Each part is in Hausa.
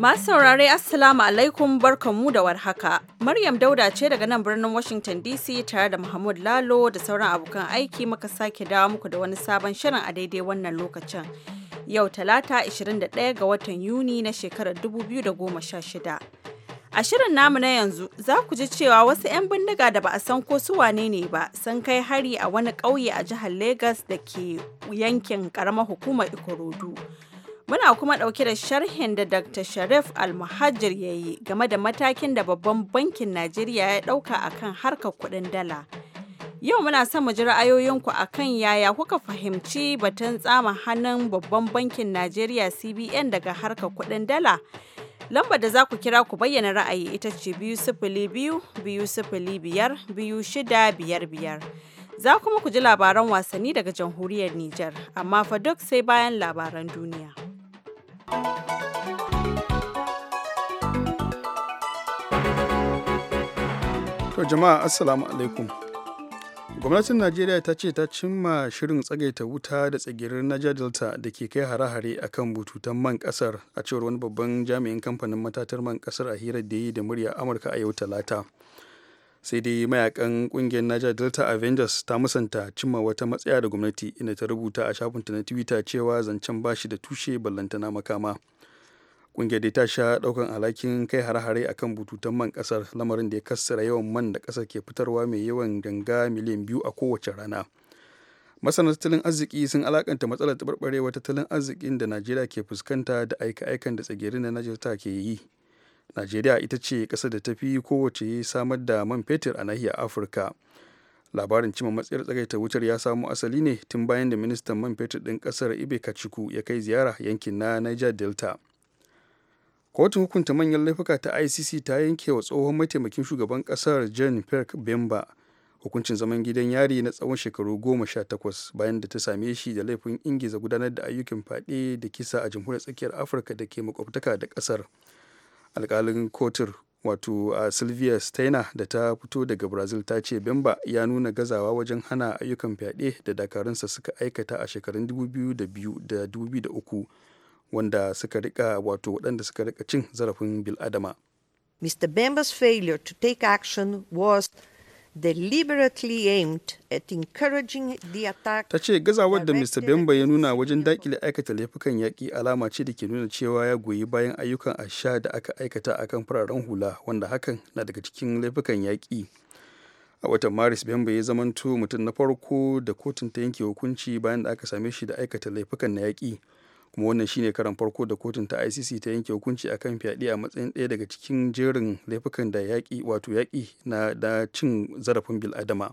Masu saurare Assalamu alaikum barkanmu da warhaka. Maryam Dauda ce daga nan birnin Washington DC tare da Muhammad Lalo da sauran abokan aiki muka sake dawo muku da wani sabon shirin a daidai wannan lokacin. Yau Talata 21 ga watan Yuni na shekarar 2016. A shirin namu na yanzu za ku ji cewa wasu 'yan bindiga da ba a san ko su wane ne ba sun kai hari a wani ƙauye a jihar Legas da ke yankin ƙaramar hukumar Ikorodu. Muna kuma ɗauke da sharhin da Dr. Sharif Almuhajir ya yi game da matakin da Babban Bankin Najeriya ya ɗauka a kan harkar kuɗin dala. Yau muna son mu ji ra'ayoyinku a kan yaya kuka fahimci batun tsama hannun Babban Bankin Najeriya CBN daga harkar kuɗin dala. Lambar da za ku kira ku bayyana ra'ayi ita ce biyu sifili biyu biyu sifili biyar biyu shida biyar biyar. Za kuma ku ji labaran wasanni daga jamhuriyar Nijar, amma fa duk sai bayan labaran duniya. To jama'a assalamu alaikum. Gwamnatin Najeriya ta ce ta cimma shirin tsagaita wuta da tsagirin Niger Delta da ke kai hare-hare a kan bututun man kasar a cewar wani babban jami'in kamfanin matatar man kasar a hirar da yi da murya Amurka a yau Talata. sai dai mayakan kungiyar niger delta avengers ta musanta cimma wata matsaya da gwamnati inda ta rubuta a shafinta na twitter cewa zancen bashi da tushe ballantana makama kungiyar dai ta sha daukan alhakin kai hare-hare akan bututun man kasar lamarin da ya kassara yawan man da kasar ke fitarwa mai yawan ganga miliyan biyu a kowace rana masana tattalin arziki sun alakanta matsalar taɓarɓarewar tattalin arzikin da najeriya ke fuskanta da aika-aikan da tsagerin da najeriya ke yi najeriya ita ce ƙasar da ta fi kowace samar da man fetur a nahiyar afirka labarin cima matsayar tsagaita wutar ya samo asali ne tun bayan da ministan man fetur ɗin ƙasar ibe kachiku ya kai ziyara yankin na niger delta kotun hukunta manyan laifuka ta icc ta yanke wa tsohon mataimakin shugaban ƙasar jan perk bemba hukuncin zaman gidan yari na tsawon shekaru goma sha takwas bayan da ta same shi da laifin ingiza gudanar da ayyukan fade da kisa a jamhuriyar tsakiyar afirka da ke makwabtaka da ƙasar alkalin kotur wato a sylvia steiner da ta fito daga brazil ta ce bemba ya nuna gazawa wajen hana ayyukan fyaɗe da dakarunsa suka aikata a shekarun 2002 2003 wanda suka rika wato waɗanda suka rika cin zarafin biladama mr bemba's failure to take action was deliberately aimed at encouraging the attack. Ta ce gazawar da Mr. Bemba ya nuna wajen dakile aikata laifukan yaƙi alama ce da ke nuna cewa ya goyi bayan ayyukan asha da aka aikata akan fararen hula wanda hakan na daga cikin laifukan yaƙi. A watan Maris Bemba ya zamanto mutum na farko da kotun ta yanke hukunci bayan da aka same shi da aikata laifukan na yaƙi. kuma wannan shine karan farko da kotun ta icc ta yanke hukunci akan fyaɗe a matsayin ɗaya daga cikin jerin laifukan da yaƙi wato yaƙi na da cin zarafin bil'adama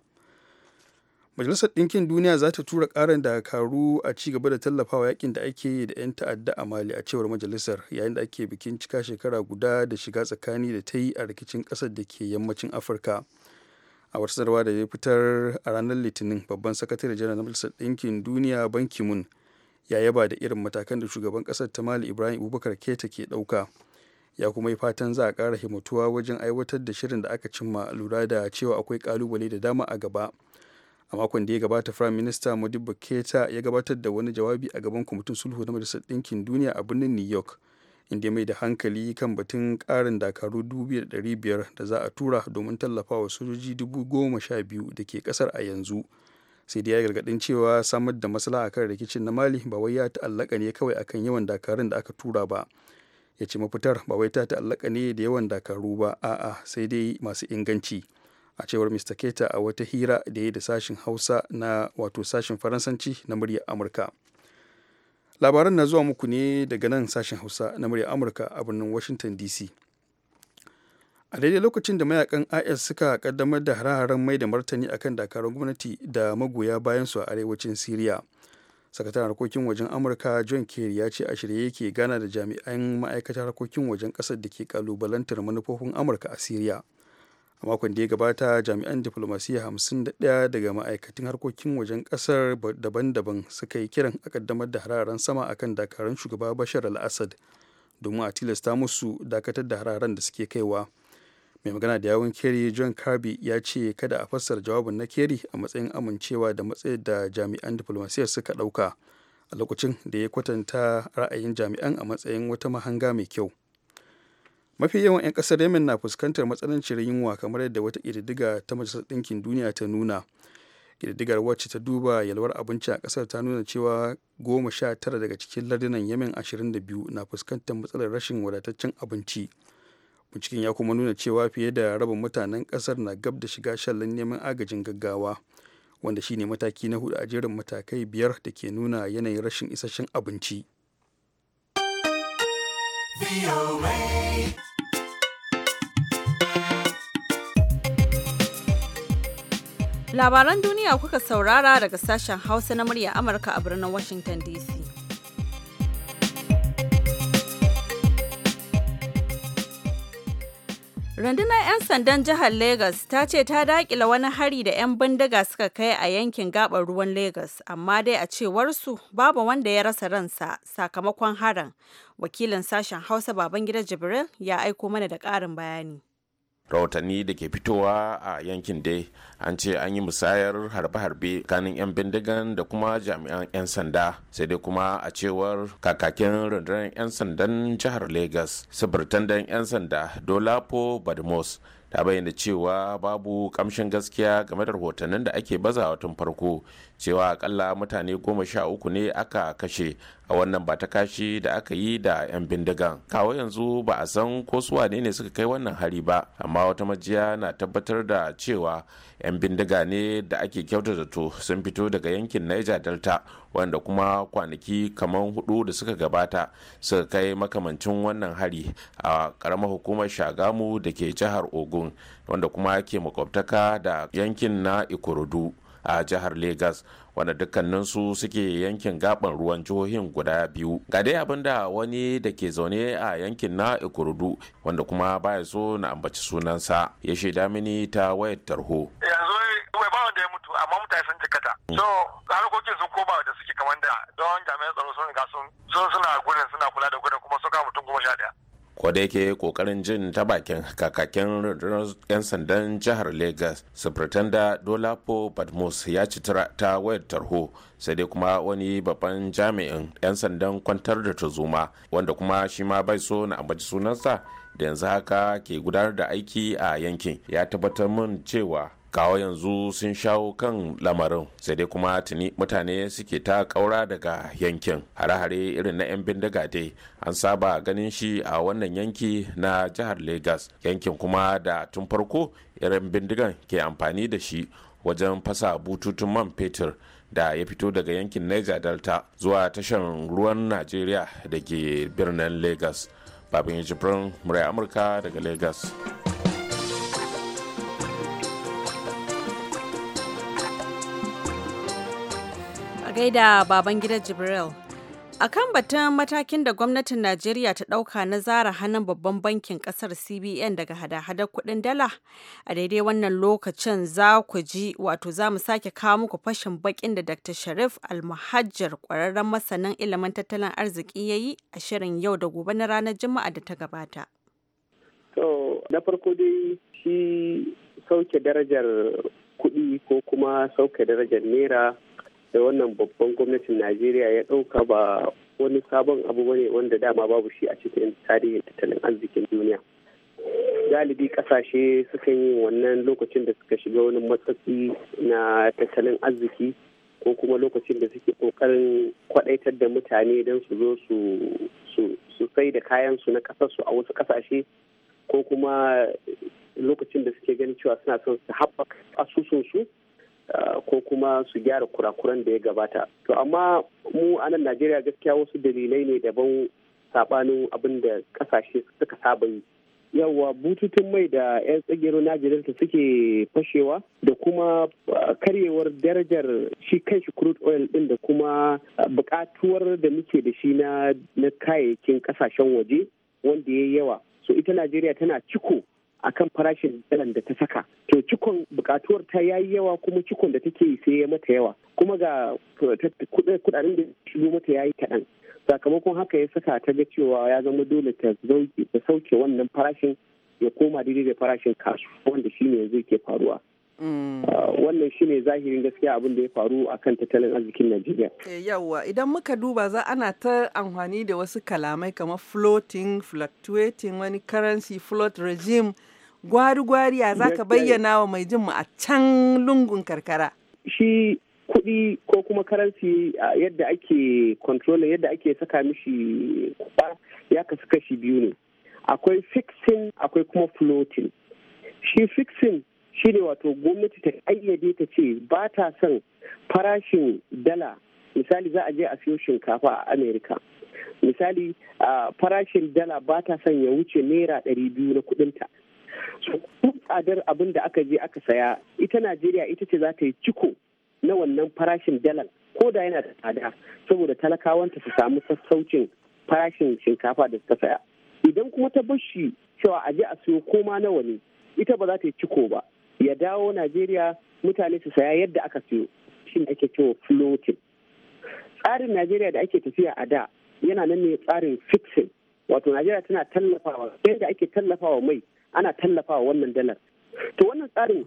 majalisar ɗinkin duniya za ta tura ƙarin dakaru a ci gaba da tallafawa yakin da ake yi da 'yan ta'adda a mali a cewar majalisar yayin da ake bikin cika shekara guda da shiga tsakani da ta yi a rikicin ƙasar da ke yammacin afirka a wata sanarwa da ya fitar a ranar litinin babban sakatare janar na majalisar ɗinkin duniya ban mun ya yaba da irin matakan da shugaban kasar ta mali ibrahim abubakar keta ke ɗauka ya kuma yi fatan za a kara himmatuwa wajen aiwatar da shirin da aka cimma lura da cewa akwai kalubale da dama a gaba a makon da ya gabata prime minister modibo keta ya gabatar da wani jawabi a gaban kwamitin sulhu na majalisar ɗinkin duniya a birnin new york inda mai da hankali kan batun karin dakaru 2,500 da za a tura domin tallafa wa sojoji biyu da ke kasar a yanzu. sai dai ya gargadin cewa samar da maslaha kan rikicin na mali ba wai ya ta'allaka ne kawai akan yawan dakarun da aka tura ba ya ce mafitar ba wai ta ta'allaka ne da yawan dakaru ba a'a sai dai masu inganci a cewar mr keta a wata hira da ya da sashin hausa na wato sashin faransanci na muryar amurka labaran na zuwa muku ne daga nan sashin hausa na muryar amurka a birnin washington dc a daidai lokacin da mayakan is suka kaddamar da hare mai da martani akan dakarun gwamnati da magoya bayan su a arewacin syria sakataren harkokin wajen amurka john kerry ya ce a shirye yake gana da jami'an ma'aikatar harkokin wajen kasar da ke kalubalantar manufofin amurka a syria a makon da ya gabata jami'an diflomasiyya 51 daga ma'aikatan harkokin wajen kasar daban-daban suka yi kiran a kaddamar da hararen sama akan dakarun shugaba bashar al-assad domin a tilasta musu dakatar da hararen da suke kaiwa mai magana da yawun kerry john kirby ya ce kada a fassara jawabin na kerry a matsayin amincewa da matsayin da jami'an diplomasiyar suka ɗauka a lokacin da ya kwatanta ra'ayin jami'an a matsayin wata mahanga mai kyau mafi yawan 'yan kasar yemen na fuskantar matsanancin yunwa kamar yadda wata ƙididdiga ta majalisar ɗinkin duniya ta nuna ƙididdigar wacce ta duba yalwar abinci a kasar ta nuna cewa goma sha tara daga cikin lardunan da biyu na fuskantar matsalar rashin wadataccen abinci binciken ya kuma nuna cewa fiye da rabin mutanen kasar na gab da shiga shallan neman agajin gaggawa wanda shine mataki na hudu a jerin matakai biyar da ke nuna yanayin rashin isasshen abinci labaran duniya kuka saurara daga sashen hausa na murya amurka a birnin washington dc Rundunar 'yan sandan jihar Legas ta ce ta dakila wani hari da 'yan bindiga suka kai a yankin gabar ruwan Legas, amma dai a cewarsu babu wanda ya rasa ransa sakamakon harin. Wakilin sashen Hausa Babangida Jibril ya aiko mana da ƙarin bayani. rahotanni da ke fitowa a yankin dai an ce an yi musayar harbe-harbe kanin 'yan bindigan da kuma jami'an 'yan sanda sai dai kuma a cewar kakakin rundunar 'yan sandan jihar lagos sibirtandan 'yan sanda dolapo badmos ta bayyana cewa babu kamshin gaskiya game da rahotannin da ake baza tun farko cewa akalla mutane goma sha uku ne aka kashe a wannan ba ta kashi da aka yi da 'yan bindigan kawo yanzu ba a san ko su ne suka kai wannan hari ba amma wata majiya na tabbatar da cewa 'yan bindiga ne da ake kyautata to sun fito daga yankin niger delta wanda kuma kwanaki kamar hudu da suka gabata suka kai makamancin wannan hari a karamar hukumar shagamu da ke jihar ogun wanda kuma ke makwabtaka da yankin na ikorodu a jihar lagos wanda dukkaninsu suke yankin gaban ruwan jihohin guda biyu ga dai abin da wani da ke zaune a yankin na ikurudu wanda kuma baya so na ambaci sunansa ya shaida mini ta wayar tarho yanzu kuma ba wanda ya mutu amma mutane sun jikata mm. so harkokin sun koma da suke kamar da don jami'an tsaro sun riga sun suna gudun suna kula da gudun kuma suka mutum goma sha daya ko da yake kokarin jin ta bakin kakakin 'yan sandan jihar lagos dola dolapo badmus ya ci ta wayar tarho sai dai kuma wani babban jami'in 'yan sandan kwantar da tuzuma wanda kuma shi ma bai so na ambaci sunansa da yanzu haka ke gudanar da aiki a yankin ya tabbatar min cewa kawo yanzu sun shawo kan lamarin sai dai kuma tuni mutane suke ta kaura daga yankin hare-hare irin na 'yan bindiga dai an saba ganin shi a wannan yanki na jihar lagos yankin kuma da tun farko irin bindigan ke amfani da shi wajen fasa bututun man fetur da ya fito daga yankin niger delta zuwa tashar ruwan najeriya da ke birnin lagos babin jibrin murai amurka daga lagos gaida baban gida Jibril. A kan batun matakin da gwamnatin Najeriya ta dauka na zara hannun babban bankin kasar CBN daga hada-hadar kudin dala, a daidai wannan lokacin za ku ji wato za mu sake kawo muku fashin bakin da Dr. Sharif Almahajjar kwararren masanin ilimin tattalin arziki ya yi a shirin yau da gobe na ranar Juma'a da ta gabata. To, na farko dai shi sauke darajar kuɗi ko kuma sauke darajar naira da wannan babban gwamnatin najeriya ya ɗauka ba wani sabon abu bane wanda dama babu shi a cikin tarihin tattalin arzikin duniya galibi kasashe sukan yi wannan lokacin da suka shiga wani matsatsi na tattalin arziki ko kuma lokacin da suke kokarin kwadaitar da mutane don su zo su sai da kayansu su na kasarsu a wasu kasashe ko kuma lokacin da suke ganin cewa suna son su haɓaka asusunsu Uh, ko kuma su gyara kurakuran da ya gabata to amma mu a nan najeriya gaskiya wasu dalilai ne daban sabanin abin da kasashe suka saba yi yawwa bututun mai da 'yan tsagero najeriya suke fashewa da kuma uh, karyewar darajar shi kan shi crude oil din da kuma uh, bukatuwar da muke da shi na kayayyakin kasashen waje wanda ya yawa so ita najeriya tana ciko akan farashin dalan da ta saka to cikon bukatuwar ta yayi yawa kuma cikon da take yi sai ya mata yawa kuma ga kudaden da shigo mata yayi kaɗan sakamakon haka ya saka ta ga cewa ya zama dole ta sauke wannan farashin ya koma daidai da farashin kasuwa wanda shine yanzu ke faruwa mm. ah, wannan shine zahirin gaskiya abin da ya faru a kan tattalin arzikin Najeriya. Eh, Yawwa idan muka duba za ana ta amfani da wasu kalamai kamar floating, fluctuating, wani currency float regime. gwari-gwari ya za ka bayyana wa mai jinmu a can lungun karkara? Shi kuɗi ko kuma karansi yadda ake kontrola yadda ake saka mishi kuɗa ya kasu kashi biyu ne. Akwai fixing akwai kuma floating. Shi fixing shi ne wato gwamnati ta ayyade ta ce ba ta son farashin dala misali za a je a siyo shinkafa a Amerika. Misali farashin dala ba ta son ya wuce naira ɗari biyu na kuɗinta. so tsadar abin da aka je aka saya ita najeriya ita ce za ta yi ciko na wannan farashin dalar ko da yana da tsada saboda talakawanta su samu sassaucin farashin shinkafa da ta saya idan kuma ta bashi cewa a je a siyo koma nawa ne ita ba za ta yi ciko ba ya dawo najeriya mutane su saya yadda aka siyo shi ake cewa floating tsarin najeriya da ake tafiya a da yana nan ne tsarin fixing wato najeriya tana tallafawa yadda ake tallafawa mai ana tallafawa wannan dalar to wannan tsarin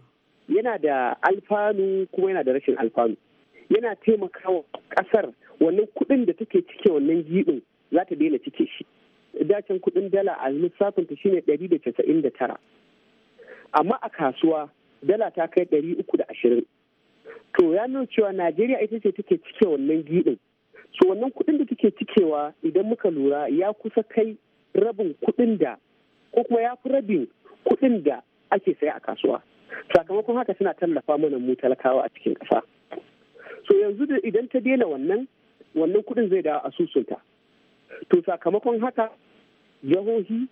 yana da alfanu kuma yana da rashin alfanu yana taimakawa kasar wannan kuɗin da take cike wannan giɓin za ta daina cike shi dacin kuɗin dala a lissafinta shine ɗari da casa'in da tara amma a kasuwa dala ta kai ɗari uku da ashirin to ya nuna cewa najeriya ita ce take cike wannan giɗin so wannan kuɗin da take cikewa idan muka lura ya kusa kai rabin kuɗin da ko kuma ya fi rabin kuɗin da ake saya a kasuwa sakamakon haka suna tallafa mana mu talakawa a cikin ƙasa so yanzu da idan ta daina wannan wannan kuɗin zai dawo asusunta to sakamakon haka jihohi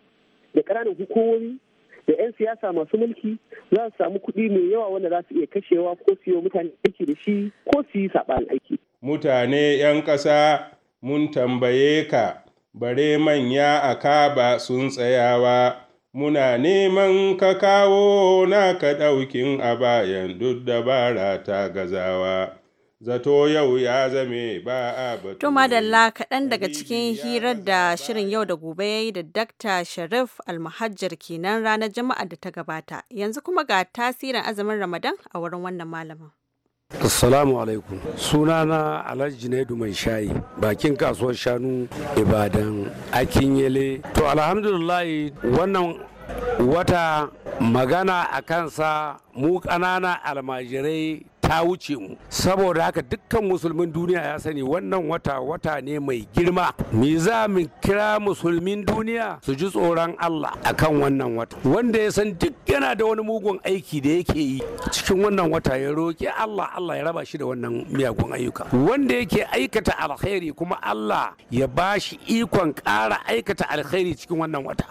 da ƙananan hukumomi da 'yan siyasa masu mulki za su samu kuɗi mai yawa wanda za su iya kashewa ko su yi mutane aiki da shi ko su yi saɓanin aiki. Mutane 'yan ƙasa mun tambaye ka bare manya a kaba sun tsayawa muna neman ka kawo ka ɗaukin a bayan duk dabara ta gazawa zato yau ya zame ba a batu. To madalla kaɗan daga cikin hirar da shirin yau da gobe ya yi da Dakta Sharif Almahajjar kenan ranar Juma'a da ta gabata. Yanzu kuma ga tasirin azumin Ramadan a wurin wannan malamin. Assalamu alaikum. Sunana Alhaji Naidu Mai Shayi, bakin kasuwar shanu Ibadan Akinyele. To alhamdulillah wannan wata magana a kansa mu ƙanana almajirai ta wuce mu saboda haka dukkan musulmin duniya ya sani wannan wata wata ne mai girma me za mu kira musulmin duniya su ji tsoron Allah akan wannan wata wanda ya san duk yana da wani mugun aiki da yake yi cikin wannan wata ya roki Allah Allah ya raba shi da wannan miyagun ayyuka wanda yake aikata alkhairi kuma Allah ya bashi ikon ƙara aikata alkhairi cikin wannan wata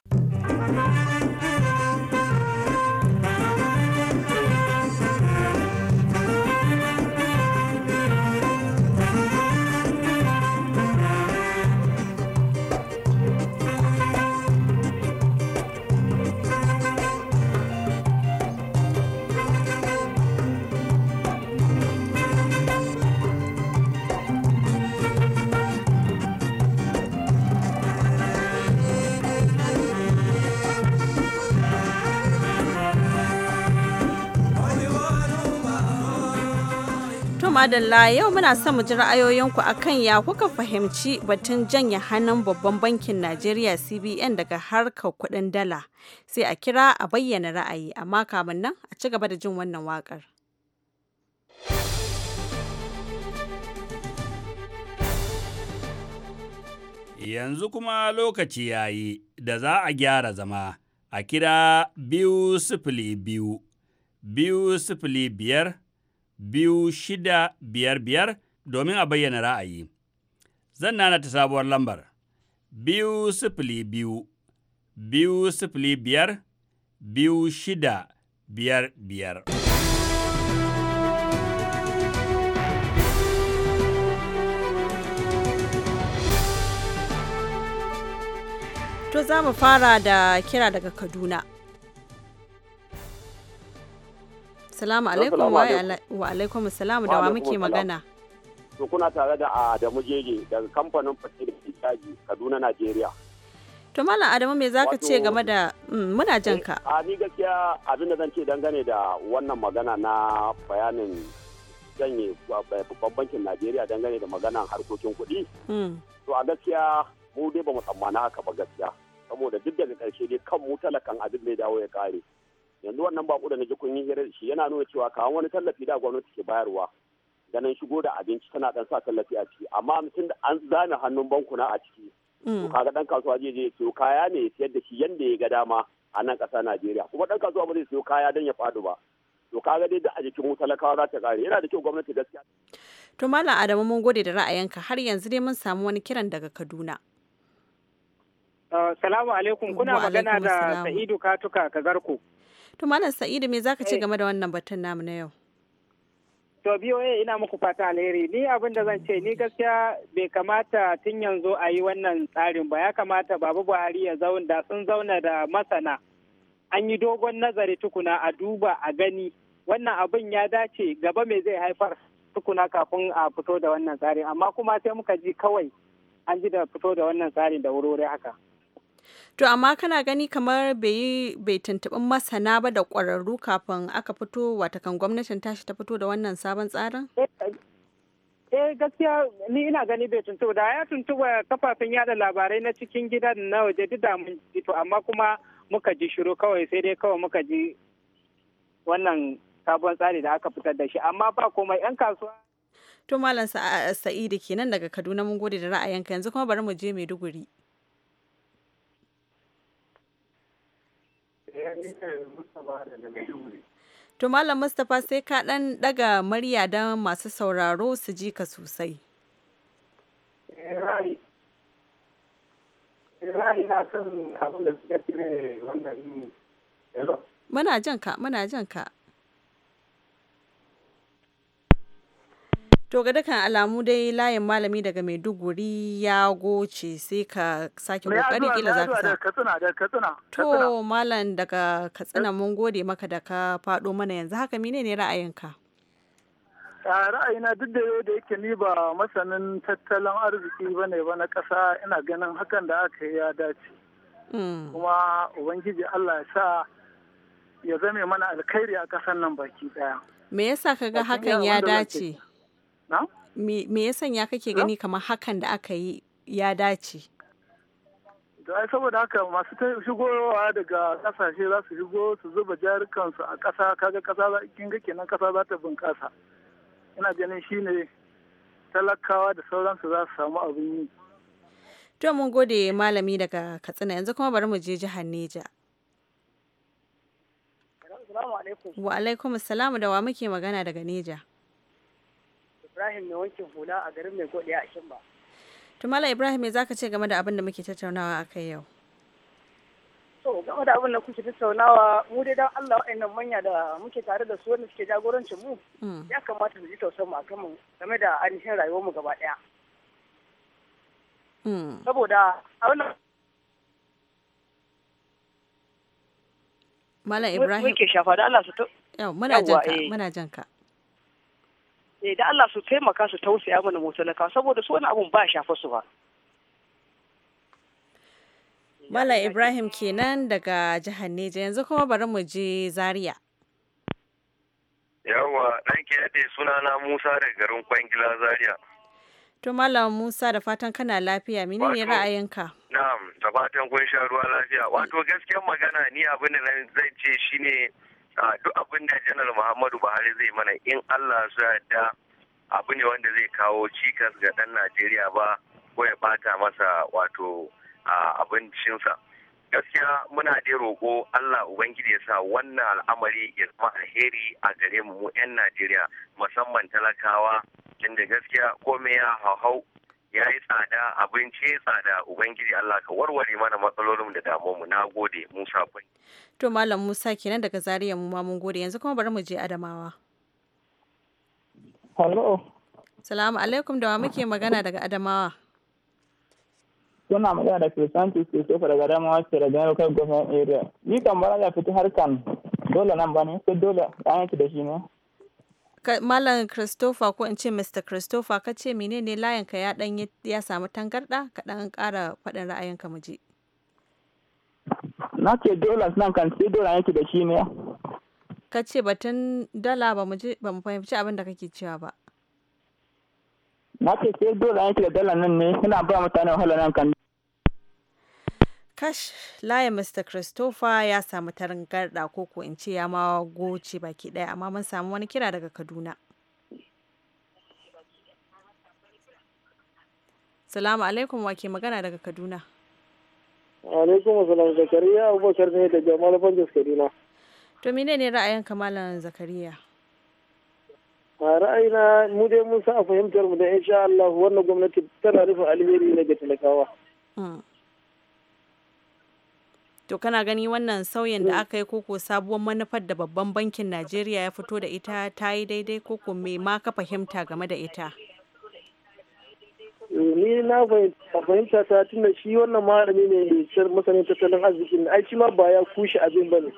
madalla yau muna son mu ji ra'ayoyinku akan ya kuka fahimci batun janye hannun babban bankin Najeriya CBN daga harkar kuɗin dala. Sai a kira a bayyana ra'ayi amma kamun nan a ci gaba da jin wannan waƙar. Yanzu kuma lokaci ya yi da za a gyara zama a kira biyu sifili biyu, biyu sifili biyar biyu shida biyar biyar domin a bayyana ra'ayi. Zan nana ta sabuwar lambar biyu sifili biyu, biyu sifili biyar, biyu shida biyar biyar. To za mu fara da kira daga Kaduna. Assalamu alaikum wa alaikum assalamu da wa muke magana. To kuna tare da Adamu Jeje daga kamfanin Fasir Fitaji Kaduna Najeriya. To Malam Adamu me zaka ce game da mm, muna jan ka? Eh, a ni gaskiya abin da zan ce dangane da wannan magana na bayanin janye babban bankin Najeriya dangane da maganan harkokin kuɗi. Mm. To a gaskiya mu dai bamu tsammana haka ba gaskiya. Saboda duk daga ƙarshe dai kan mu talakan abin da ya dawo ya kare. yanzu wannan bako da naji kun yi hira shi yana nuna cewa kawo wani tallafi da gwamnati ke bayarwa ganin shigo da abinci tana dan sa tallafi a ciki amma mutum da an zana hannun bankuna a ciki mm. to kaga dan kasuwa zai je siyo kaya ne ya da shi yanda ya ga dama a nan ƙasa Najeriya kuma dan kasuwa ba zai siyo kaya dan ya fadu ba to kaga dai da a jikin mu talakawa za ta kare yana da kyau gwamnati gaskiya to mallam Adamu mun gode da ra'ayinka har yanzu dai mun samu wani kiran daga Kaduna uh, salamu alaikum kuna magana da Sa'idu Katuka Kazarko To Malam Sa'idu me zaka ce eh. game da wannan batun namu na yau? To BOA ina muku fata alheri. Ni abin da zan ce ni gaskiya bai kamata tun yanzu a yi wannan tsarin ba. Ya kamata Babu Buhari ya zauna sun zauna da masana. An yi dogon nazari tukuna a duba a gani. Wannan abin ya dace gaba me zai haifar tukuna kafin a fito da wannan tsarin. Amma kuma sai muka ji kawai an ji da fito da wannan tsarin da wurwuri haka. To amma kana gani kamar bai bai tuntuɓi masana ba da ƙwararru kafin aka fito watakan gwamnatin tashi ta fito da wannan sabon tsarin? eh, eh gaskiya ni ina gani bai tuntuɓa da ya tuntuɓa kafafen yada labarai na cikin gida na waje duk da mun ji to amma kuma muka ji shiru kawai sai dai kawai muka ji wannan sabon tsari da aka fitar da shi amma ba komai yan kasuwa to malam sa'idu kenan daga kaduna mun gode da ra'ayinka yanzu kuma bari mu je maiduguri To Malam Mustapha sai ka ɗan ɗaga murya don masu sauraro su ji ka sosai. Muna jan ka, muna jan ka. To ga dukkan alamu dai layin malami daga Maiduguri ya goce sai ka sake kokari kila za ka sa. To malam daga Katsina eh? mun gode maka da ka fado mana yanzu haka menene ra'ayinka? a ra'ayina duk da yau da yake ni ba masanin tattalin arziki ba ne ba na ƙasa ina ganin hakan da aka yi ya dace hmm. kuma ubangiji allah ya sa ya zame mana alkhairi a ƙasar nan baki ɗaya me yasa ka ga hakan ya dace me ya sanya kake gani kamar hakan da aka yi ya dace da saboda haka masu shigowa daga kasashe za su shigo su zuba jarukansu a ƙasa kaga ƙasa kin ga kenan ƙasa za ta bunƙasa ina ganin shine talakawa da sauransu za su samu abin yi to mun gode malami daga katsina yanzu kuma bari mu je jihar neja wa alaikum salamu da wa muke magana daga neja Ibrahim mai wankin hula a garin mai godiya a Kimba. Tumala Ibrahim me zaka ce game da abin da muke tattaunawa a kai yau? To game da abin da kuke tattaunawa mu dai dan Allah wa'annan manya da muke tare da su wanda suke jagorancin mu mm. ya kamata su ji tausan mu akan mu game da ainihin rayuwar mu gaba ɗaya. Mm. Saboda a wannan Mala Ibrahim. Muke shafa da Allah su to. Yau muna janka eh. muna janka. Eh, da Allah su taimaka su tausaya mana mu saboda su wani abun ba shafa su ba Malam Ibrahim kenan daga jihar Neja yanzu kuma bari mu je Zaria Yawwa ɗanki ya suna na Musa daga garin Kwangila Zaria To Malam Musa da fatan kana lafiya mini ne ra'ayinka? Na'am, da fatan kun sha ruwa lafiya. Wato gaskiyar magana ni abin da zan ce shine duk abin da janar muhammadu buhari zai mana in allah su da abu ne wanda zai kawo cikas ga dan najeriya ba ko ya bata masa wato abincinsa gaskiya muna dai roƙo allah ubangiji ya sa wannan al'amari ya zama alheri a gare mu 'yan najeriya musamman talakawa inda gaskiya komai ya hauhau ya yi tsada abinci ya tsada ubangiji Allah ka warware mana matsalolin da damuwa na gode Musa Kwai. To Malam Musa kenan daga zariya mu ma mun gode yanzu kuma bari mu je Adamawa. Hello. Salamu alaikum da wa muke magana daga Adamawa. kuna magana da Christianity Christopher daga Adamawa ce da General Area. Ni kan bara fita harkan dole nan ba ne sai dole an da shi ne. Malam Christopher ko in ce Mr. Christopher ka ce menene layinka ya dan ya samu tangarda ka dan ƙara faɗin ra'ayinka mu je. Na ce dollars nan kan sai dola yake da shi ne. Ka ce batun dala ba mu fahimci abin da kake cewa ba. Na ce sai dola yake da dala nan ne ina ba mutane wahala nan kan kash laye mr christopher ya samu tarangarda ko ko in ce ya ma goce baki daya amma mun samu wani kira daga kaduna salamu alaikum wa ke magana daga kaduna alaikum salam zakariya abubakar ne daga malafan kaduna to mine ne ra'ayin kamalan zakariya a ra'ayina mu dai mun sa fahimtar mu da insha Allah wannan gwamnati tana rufe alheri na ga talakawa hmm. To kana gani wannan sauyin da mm. aka yi koko sabuwar manufar da babban bankin Najeriya ya fito da ita ta yi daidai koko me ma ka fahimta game da ita? Mm, ni na fahimta ta tunda shi wannan malami ne mai masanin tattalin ne, ai shi ma ba ya kushe abin ba ne.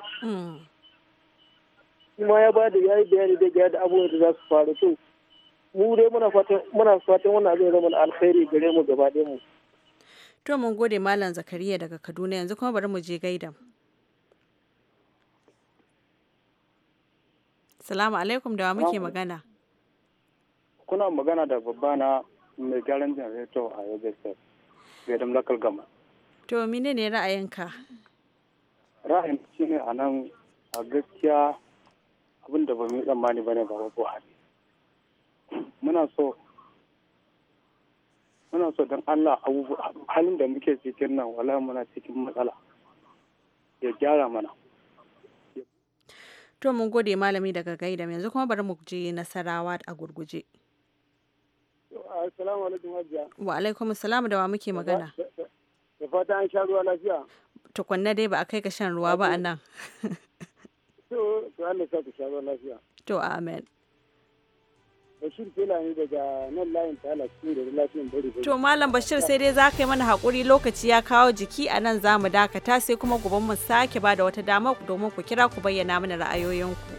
Kuma mm. ya bada da ya yi bayani da ya da abubuwan da za su faru to mu dai muna fatan wannan abin zama alkhairi gare mu gaba mu. To mun gode Malam Zakariya daga Kaduna yanzu kuma bari mu je gaida. Salamu alaikum da wa muke magana. Kuna magana da babba na mai gyaran janareto a Yobe da Gadam Local Gama. To mine ne ra'ayinka? Ra'ayin shi ne a nan a gaskiya abin da ba mu tsammani ba ne ba Buhari. Muna so muna so don Allah halin da muke cikin nan wala muna cikin matsala ya gyara mana to mun gode malami daga gaida yanzu kuma bari mu je nasarawa a gurguje wa alaikum salam da wa muke magana da fata an sha ruwa lafiya tukunna dai ba a kai ka shan ruwa ba a nan to sha ruwa lafiya to amen Bashir Kela daga nan layin tala cikin da lafiyan bari bari. To Malam Bashir sai dai za ka yi mana haƙuri lokaci ya kawo jiki a nan za mu dakata sai kuma gobe mu sake ba da wata dama domin ku kira ku bayyana mana ra'ayoyinku.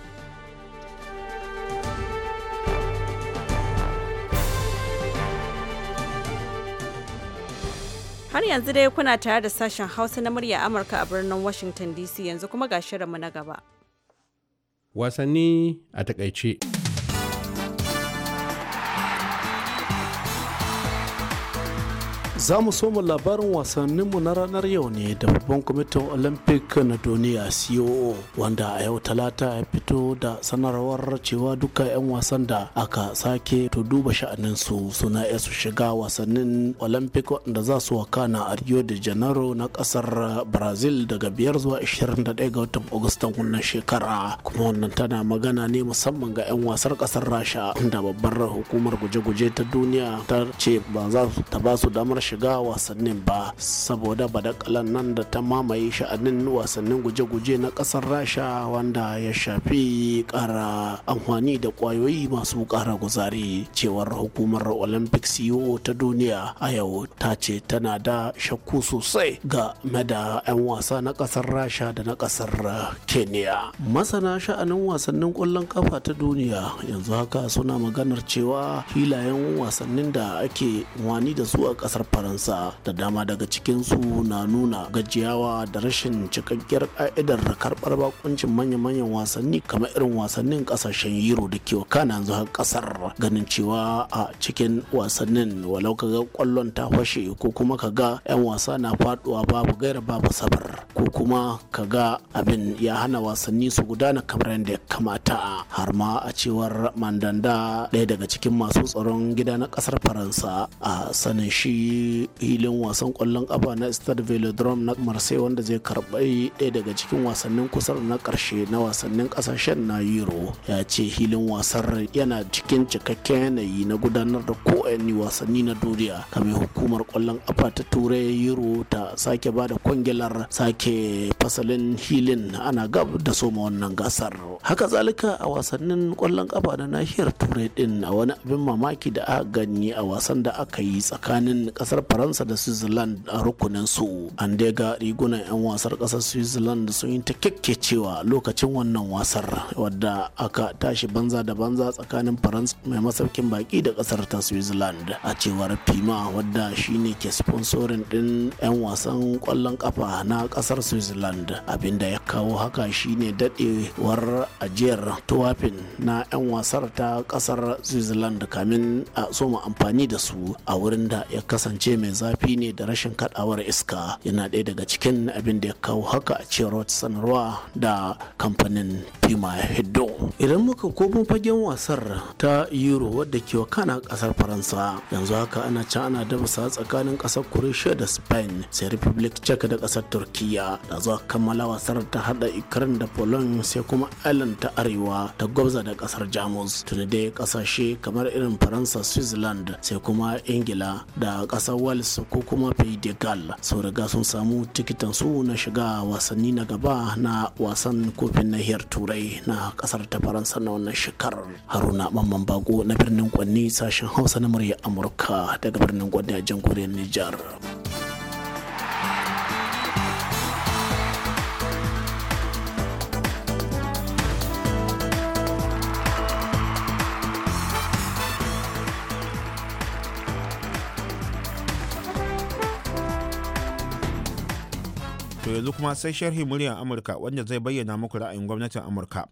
Har yanzu dai kuna tare da sashen Hausa na murya Amurka a birnin Washington DC yanzu kuma ga shirinmu na gaba. Wasanni a takaice. za mu so mu labarin wasanninmu na ranar yau ne da babban kwamitin olympic na duniya coo wanda a yau talata ya fito da sanarwar cewa duka 'yan wasan da aka sake to duba sha'aninsu suna iya su shiga wasannin olympic wanda za su wakana a rio de janeiro na kasar brazil daga biyar zuwa 21 ga watan agustan wannan shekara kuma wannan tana magana ne musamman ga 'yan wasar kasar rasha da babbar hukumar guje-guje ta duniya ta ce ba za ta ba su damar shiga shiga wasannin ba saboda badakalan nan da ta mamaye sha'anin wasannin guje-guje na kasar rasha wanda ya shafi kara amfani da kwayoyi masu kara guzari cewar hukumar olympic yo e ta duniya a yau ta ce tana da shakku sosai ga da 'yan wasa na kasar rasha da na kasar kenya masana sha'anin wasannin kwallon kafa ta duniya yanzu haka suna maganar cewa filayen wasannin da ake wani da su a kasar faransa Faransa da dama daga cikinsu na nuna gajiyawa da rashin cikakkiyar ka'idar karbar bakuncin manya-manyan wasanni kamar irin wasannin kasashen Euro da ke wakana yanzu har kasar. ganin cewa a cikin wasannin walau ka ga kwallon ta fashe ko kuma ka ga 'yan wasa na faduwa babu gaira babu sabar ko kuma ka ga abin ya hana wasanni su gudana kamar yadda ya kamata har ma a cewar mandanda ɗaya daga cikin masu tsaron gida na kasar faransa a sanin shi hilin wasan kwallon kafa na stade velodrome na marseille wanda zai karbi daya daga cikin wasannin kusa na ƙarshe na wasannin kasashen na euro ya ce hilin wasar yana cikin cikakken yanayi na gudanar da kowanne wasanni na duniya kamar hukumar kwallon kafa ta turai euro ta sake ba da kwangilar sake fasalin hilin ana gab da soma wannan gasar haka zalika a wasannin kwallon kafa na nahiyar turai din a wani abin mamaki da aka gani a wasan da aka yi tsakanin kasar faransa da switzerland a rukunin su an dai ga rigunan 'yan wasar kasar switzerland sun yi ta kyakkyacewa lokacin wannan wasar wadda aka tashi banza da banza tsakanin faransa mai masaukin baki da kasar ta switzerland a cewar fima wadda shine ke sponsorin din 'yan wasan kwallon kafa na kasar switzerland abinda ya kawo haka shine dadewar ajiyar tuwafin na 'yan wasar ta kasar switzerland kamin a soma amfani da su a wurin da ya kasance kasance mai zafi ne da rashin kadawar iska yana ɗaya daga cikin abin da ya kawo haka a cewar wata sanarwa da kamfanin fima hiddo idan muka komo fagen wasar ta euro wadda ke wakana kasar faransa yanzu haka ana can ana dabasa tsakanin kasar croatia da spain sai republic czech da kasar turkiya da zuwa kammala wasar ta hada Ikirin da poland sai kuma ireland ta arewa ta gwabza da kasar jamus tunda dai kasashe kamar irin faransa switzerland sai kuma ingila da kasar wales ko kuma pays de sau riga sun samu tikitan su na shiga wasanni na gaba na wasan kofin nahiyar turai na kasar ta faransa na wannan shekarar haruna mamman bago na birnin kwanni sashen hausa na murya amurka daga birnin kwanni a jamhuriyar nijar yanzu kuma sai sharhi muryar Amurka wanda zai bayyana muku ra'ayin gwamnatin Amurka.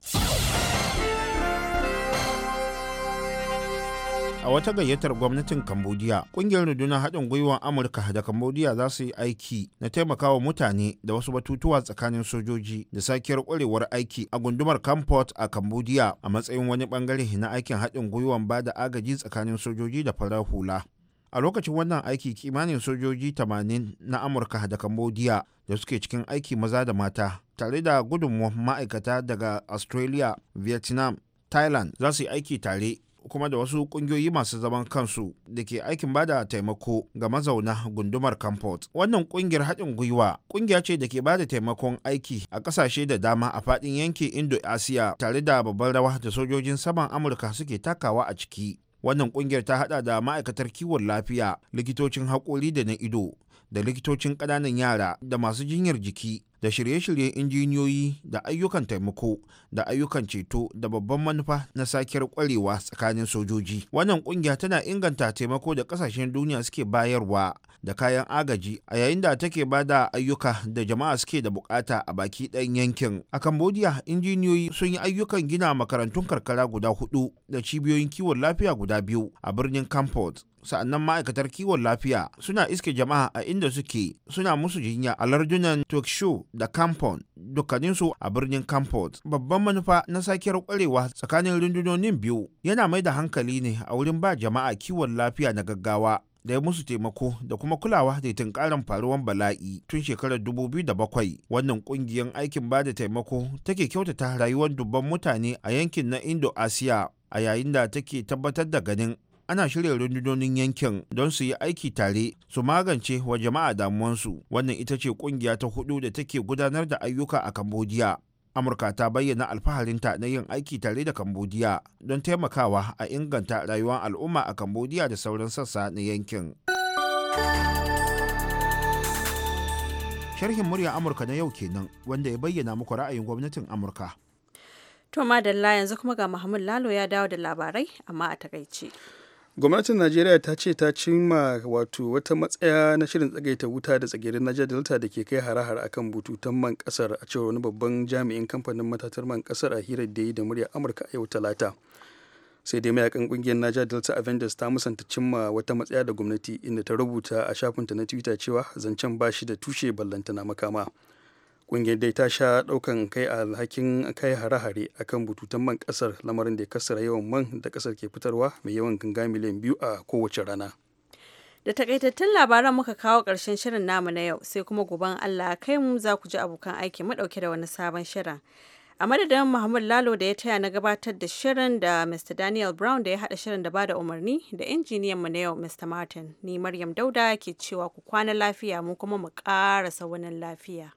a wata gayyatar gwamnatin cambodia ƙungiyar rundunar haɗin gwiwar amurka da cambodia za su yi aiki na taimakawa mutane da wasu batutuwa tsakanin sojoji da sakiyar ƙwarewar aiki a gundumar camport a cambodia a matsayin wani bangare na aikin haɗin gwiwar ba da agaji tsakanin sojoji da farar hula a lokacin wannan aiki kimanin sojoji 80 na amurka da cambodia da suke cikin aiki maza da mata tare da gudunmu ma'aikata daga australia vietnam thailand za su yi aiki tare kuma da wasu kungiyoyi masu zaman kansu da ke aikin bada taimako ga mazauna gundumar Camport. Wannan kungiyar haɗin gwiwa kungiya ce da ke ba da taimakon aiki a ƙasashe da dama a faɗin yankin Indo-Asiya tare da babban rawa da sojojin saman Amurka suke takawa a ciki. wannan kungiyar ta hada da ma'aikatar kiwon lafiya likitocin haƙori da na ido da likitocin ƙananan yara da masu jinyar jiki da shirye-shiryen injiniyoyi da ayyukan taimako da ayyukan ceto da babban manufa na sakiyar kwarewa tsakanin sojoji wannan kungiya tana inganta taimako da kasashen duniya suke bayarwa da kayan agaji a yayin da take ba da ayyuka da jama'a suke da bukata a baki ɗan yankin a cambodia injiniyoyi sun yi ayyukan gina makarantun karkara guda hudu da cibiyoyin kiwon lafiya guda biyu a birnin campot sa'annan ma'aikatar kiwon lafiya suna iske jama'a a inda suke suna musu jinya a lardunan tokisho da kampon dukkaninsu a birnin kampot babban manufa na sakiyar kwarewa tsakanin rundunonin biyu yana mai da hankali ne a wurin ba jama'a kiwon lafiya na gaggawa da ya musu taimako da kuma kulawa da tunkarin faruwan bala'i tun shekarar dubu biyu da bakwai, wannan kungiyar aikin ba da taimako take kyautata rayuwar dubban mutane a yankin na indo asiya a yayin da take tabbatar da ganin ana shirya rundunonin yankin don su yi aiki tare su magance wa jama'a damuwansu wannan ita ce kungiya ta hudu da take gudanar da ayyuka a cambodia amurka ta bayyana alfaharinta na yin aiki tare da cambodia don taimakawa a inganta rayuwar al'umma a cambodia da sauran sassa na yankin sharhin murya amurka na yau kenan wanda ya bayyana muku ra'ayin gwamnatin amurka to madalla yanzu kuma ga muhammad lalo ya dawo da labarai amma a takaice gwamnatin najeriya ta ce ta cimma wato wata matsaya na shirin tsagaita wuta da tsagerin niger delta da ke kai hare-hare akan bututun man kasar a cewar wani babban jami'in kamfanin matatar man kasar a hirar da yi da murya amurka a yau talata sai dai mayakan kungiyar niger delta avengers ta musanta cimma wata matsaya da gwamnati inda ta rubuta a shafinta na twitter cewa zancen ba shi da tushe ballantana makama kungiyar dai ta sha daukan kai alhakin kai hare-hare kan bututun man kasar lamarin da ya kasara yawan man da kasar ke fitarwa mai yawan ganga miliyan biyu a kowace rana da takaitattun labaran muka kawo ƙarshen shirin namu na yau sai kuma guban allah kai mu za ku ji abokan aiki madauke da wani sabon shirin a madadin muhammad lalo da ya taya na gabatar da shirin da mr daniel brown da ya hada shirin da bada umarni da injiniyan mu na yau mr martin ni maryam dauda ke cewa ku kwana lafiya mu kuma mu ƙara saunin lafiya